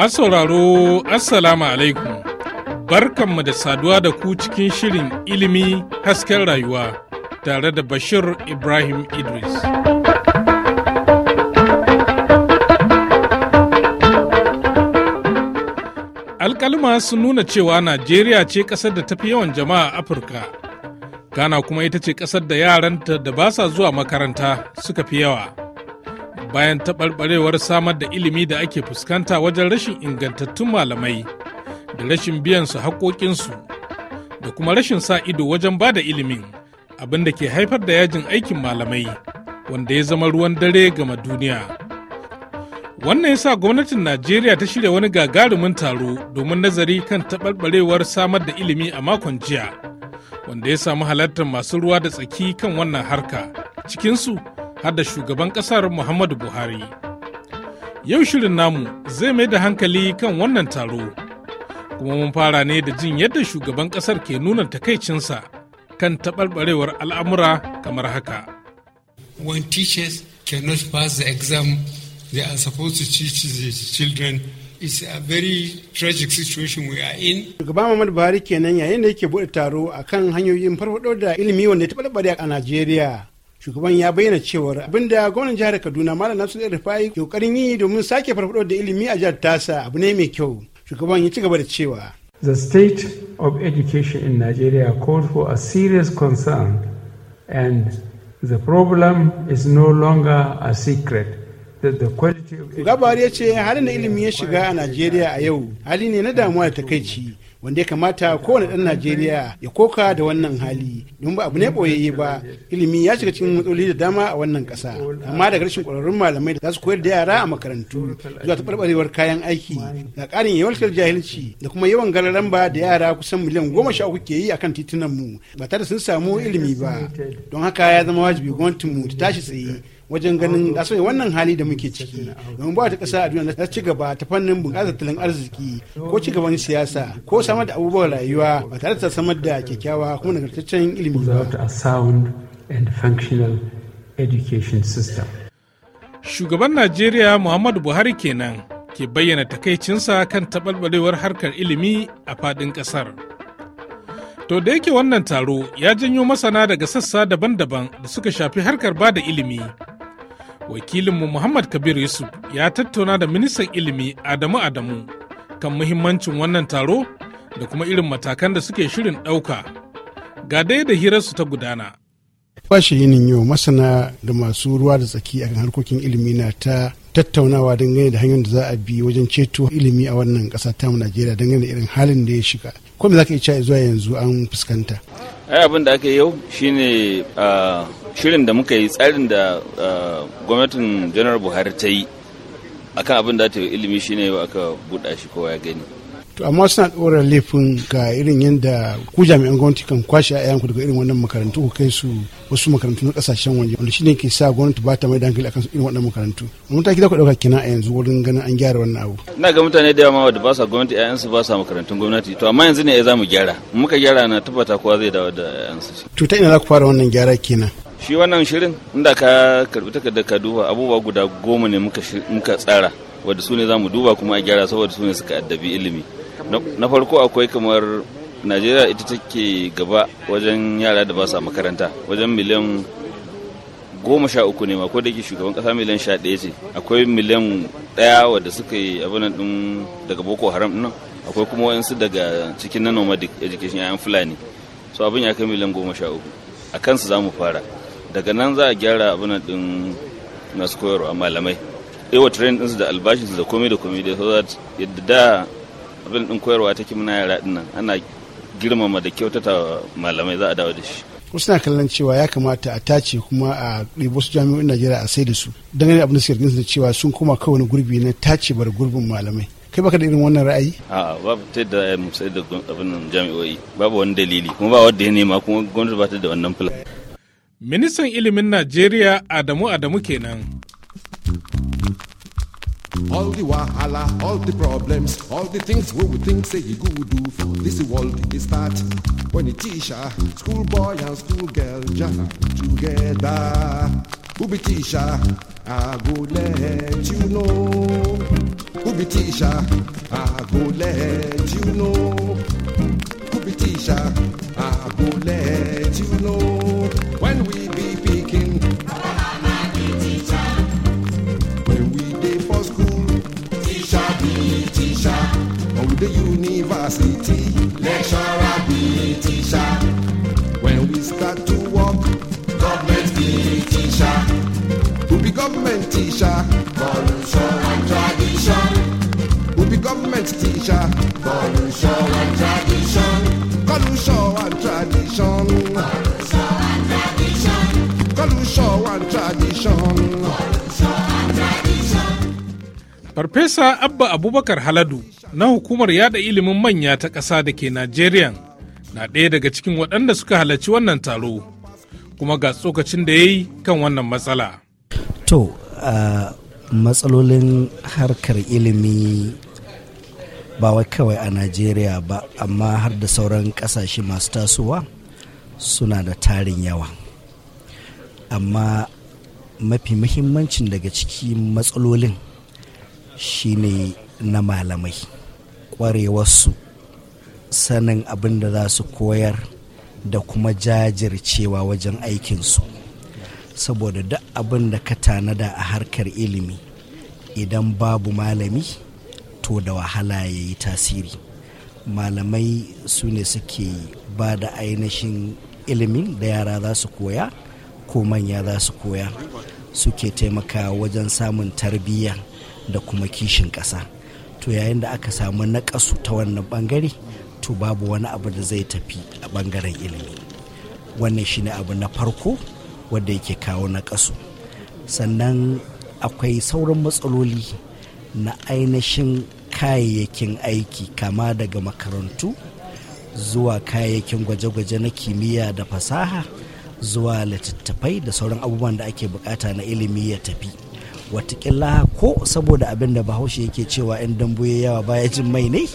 Masu sauraro Assalamu alaikum. Barkanmu da saduwa da ku cikin shirin ilimi hasken rayuwa tare da Bashir Ibrahim Idris. Alkalma sun nuna cewa Najeriya ce ƙasar da tafi yawan jama'a Afirka. Ghana kuma ita ce ƙasar da yaranta da ba sa zuwa makaranta suka fi yawa. bayan taɓarɓarewar samar da ilimi da ake fuskanta wajen rashin ingantattun malamai da rashin biyan su haƙoƙinsu da kuma rashin sa ido wajen ba da ilimin abin da ke haifar da yajin aikin malamai wanda ya zama ruwan dare gama duniya wannan ya sa gwamnatin najeriya ta shirya wani gagarumin taro domin nazari kan taɓarɓarewar samar da ilimi a makon jiya wanda ya samu halartar masu ruwa da tsaki kan wannan harka cikinsu har da shugaban kasar Muhammadu Buhari. Yau shirin namu zai mai da hankali kan wannan taro, kuma mun fara ne da jin yadda shugaban kasar ke nuna takaicinsa kan taɓarɓarewar al'amura kamar haka. When teachers cannot pass the exam they are supposed to teach the children It's a very tragic situation we are in. Shugaban Muhammadu Buhari kenan yayin da yake buɗe taro akan hanyoyin farfaɗo da ilimi wanda ya taɓarɓare a Najeriya. shugaban ya bayyana cewar da gwamnan jihar kaduna malam da rufai kokarin yi domin sake farfado da ilimi a jihar tasa abu ne mai kyau shugaban ya ci gaba da cewa the state of education in nigeria called for a serious concern and the problem is no longer a secret Gabar ya ce halin da ilimi ya shiga a Najeriya a yau hali ne na damuwa da takaici wanda ya kamata kowane ɗan najeriya ya koka da wannan hali don ba abu ne ɓoyayye ba ilimi ya shiga cikin matsaloli da dama a wannan ƙasa amma daga rashin ƙwararrun malamai da za su koyar da yara a makarantu zuwa taɓarɓarewar kayan aiki ga ƙarin yawantar jahilci da kuma yawan ba da yara kusan miliyan goma sha uku ke yi akan titunan mu ba tare sun samu ilimi ba don haka ya zama wajibi gwamnatinmu ta tashi tsaye wajen ganin da wannan hali da muke ciki domin ba ta kasa a duniya ta ci gaba ta fannin bunƙasa tattalin arziki ko ci gaban siyasa ko samar da abubuwan rayuwa ba tare da samar da kyakkyawa kuma nagartaccen ilimi Shugaban Najeriya Muhammadu Buhari kenan ke bayyana takaicinsa kan taɓalɓalewar harkar ilimi a faɗin ƙasar. To da yake wannan taro ya janyo masana daga sassa daban-daban da suka shafi harkar ba da ilimi. wakilinmu muhammad kabir yusuf ya tattauna da ministan ilimi adamu adamu kan muhimmancin wannan taro da kuma irin matakan da suke shirin ɗauka ga dai da hirarsu ta gudana kwashe yinin yau masana da masu ruwa da tsaki akan harkokin ilimi na ta tattaunawa dangane da hanyar da za a bi wajen ceto ilimi a wannan ƙasa ta najeriya dangane da irin halin da ya shiga ko me za ka iya zuwa yanzu an fuskanta ai abin da aka yi yau shine ah, shirin da muka yi tsarin da uh, gwamnatin janar buhari ta yi akan abin da ta ilimi shine aka buɗa shi kowa ya gani to amma suna ɗora laifin ga irin yadda ku jami'an gwamnati kan kwashe a yanku daga irin wannan makarantu ku kai su wasu makarantu na kasashen waje wanda ne ke sa gwamnati ba ta mai dankali akan irin wannan makarantu mataki da ku ɗauka kina a yanzu wurin ganin an gyara wannan abu ina ga mutane da yawa da ba sa gwamnati ƴaƴansu ba sa makarantun gwamnati to amma yanzu ne eh za mu gyara muka gyara na tabbata kowa zai dawo da ƴaƴansu to ta ina za ku fara wannan gyara kenan shi wannan shirin inda ka karbi takarda ka duba abubuwa guda goma ne muka tsara wadda su ne za mu duba kuma a gyara saboda su ne suka addabi ilimi na farko akwai kamar najeriya ita take gaba wajen yara da ba sa makaranta wajen miliyan goma sha uku ne ko da ke shugaban kasa miliyan sha ɗaya ce akwai miliyan ɗaya wadda suka yi abin din daga boko haram nan akwai kuma waɗansu daga cikin na nomadic education yayan fulani so abin ya kai miliyan goma sha uku a kansu za mu fara daga nan za a gyara abin din masu koyarwa malamai ewa train ɗinsu da albashin su da komai da komai da yadda da abin din koyarwa take muna yara ɗin nan ana girmama da kyautata malamai za a dawo da shi wasu na kallon cewa ya kamata a tace kuma a ɗibo su jami'o'in najeriya a sai da su dangane abin da suke da cewa sun koma kawai gurbi na tace bar gurbin malamai kai baka da irin wannan ra'ayi a'a babu ta da mu sai da abin jami'o'i babu wani dalili kuma ba wanda ya nema kuma gwamnati ba ta da wannan plan Ministan ilimin Najeriya Adamu Adamu kenan. All the wahala, all the problems, all the things we would think say he could do for this world is start when a teacher, schoolboy and schoolgirl girl jam together. Who be teacher? I go let you know. Who be teacher? I go let you know. Who be teacher? From the university. Lecturer be teacher. When we start to work, government be teacher. Who be government teacher? Corruption and tradition. Who be government teacher? Corruption and tradition. Corruption and tradition. Corruption and tradition. Corruption and tradition. Farfesa Abba Abubakar Haladu na hukumar yada ilimin manya ta ƙasa da ke Najeriya na ɗaya daga cikin waɗanda suka halarci wannan taro kuma ga tsokacin da ya yi kan wannan matsala. To, uh, matsalolin harkar ilimi ba wai kawai a Najeriya ba amma har da sauran ƙasashe masu tasowa suna da tarin yawa. Amma mafi muhimmancin daga cikin matsalolin shine na malamai ƙwarewarsu sanin abin da za su koyar da kuma jajircewa wajen aikinsu saboda duk abin da ka tanada a harkar ilimi idan babu malami to da wahala ya yi tasiri malamai su ne suke ba da ainihin ilimin da yara za su koya ko manya za su koya suke taimakawa wajen samun tarbiyya da kuma kishin ƙasa to yayin da aka samu naƙasu ta wannan ɓangare to babu wani abu da zai tafi a ɓangaren ilimi wannan shine abu na farko wanda yake kawo naƙasu sannan akwai sauran matsaloli na ainihin kayayyakin aiki kama daga makarantu zuwa kayayyakin gwaje-gwaje na kimiyya da fasaha zuwa littattafai da sauran abubuwan da ake bukata na ilimi ya tafi watakila ko saboda abin da bahaushe yake cewa in dambu ya yawa baya jin mai ne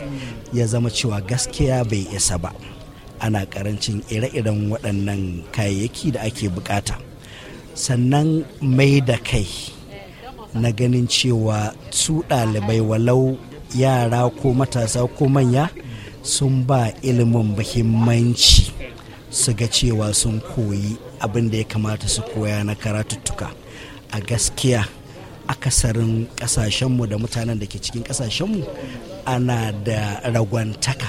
ya zama cewa gaskiya bai isa ba ana karancin ire-iren waɗannan kayayyaki da ake bukata sannan mai da kai na ganin cewa su ɗalibai walau yara ko matasa ko manya sun ba ilimin muhimmanci su ga cewa sun koyi abin da ya kamata su koya na karatuttuka a gaskiya akasarin kasashenmu da mutanen da ke cikin kasashenmu ana da ragwantaka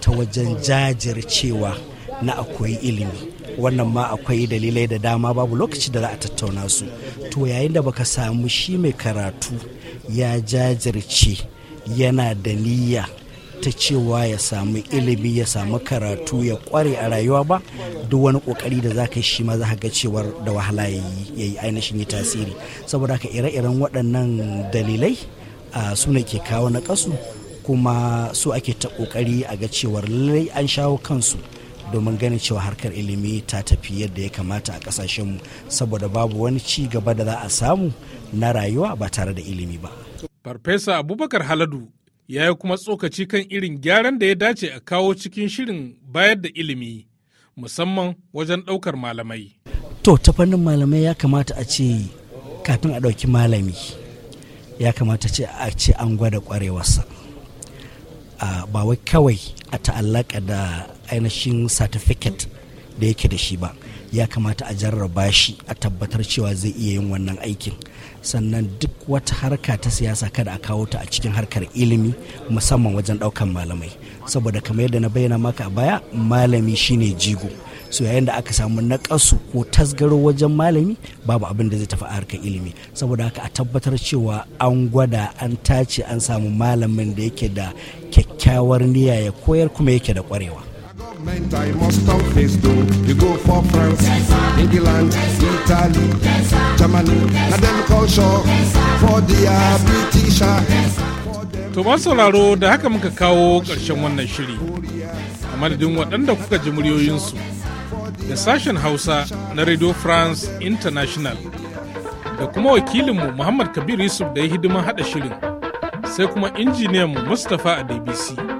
ta wajen jajircewa na akwai ilimi wannan ma akwai dalilai da dama babu lokaci da za a tattauna su to yayin da baka samu shi mai karatu ya jajirce yana da niyya ta cewa ya samu ilimi ya samu karatu ya kware a rayuwa ba duk wani kokari da za ka shi ma za ga cewar da wahala ya yi ainihin yi tasiri saboda haka ire-iren waɗannan dalilai su ne ke kawo na kasu kuma su ake ta kokari a ga cewar lallai an shawo kansu domin ganin cewa harkar ilimi ta tafi yadda ya kamata a kasashenmu saboda babu wani ci gaba da za a samu na rayuwa ba tare da ilimi ba. Farfesa Abubakar Haladu ya yi kuma tsokaci kan irin gyaran da ya dace a kawo cikin shirin bayar da ilimi musamman wajen ɗaukar malamai. To ta fannin malamai ya kamata a ce kafin a ɗauki malami ya kamata ce a ce an gwada ƙwarewarsa ba wai kawai a ta'allaka da ainihin certificate da yake da shi ba ya kamata a jarraba shi a tabbatar cewa zai iya yin wannan aikin sannan duk wata harka ta siyasa kada a kawo ta a cikin harkar ilimi musamman wajen ɗaukan malamai saboda kamar yadda na bayyana maka a baya malami shine jigo so yayin da aka samu nakasu ko tasgaro wajen malami babu abin da zai tafi a harkar ilimi saboda haka a tabbatar cewa an gwada an tace an samu malamin da yake da kyakkyawar niyya ya koyar kuma yake da ƙwarewa To ba sauraro da haka muka kawo ƙarshen wannan shiri. A madadin waɗanda kuka ji muryoyinsu da sashen Hausa na Radio France International da kuma wakilinmu Muhammad Kabir Yusuf da ya hidima haɗa shirin sai kuma injiniyanmu Mustapha a DBC.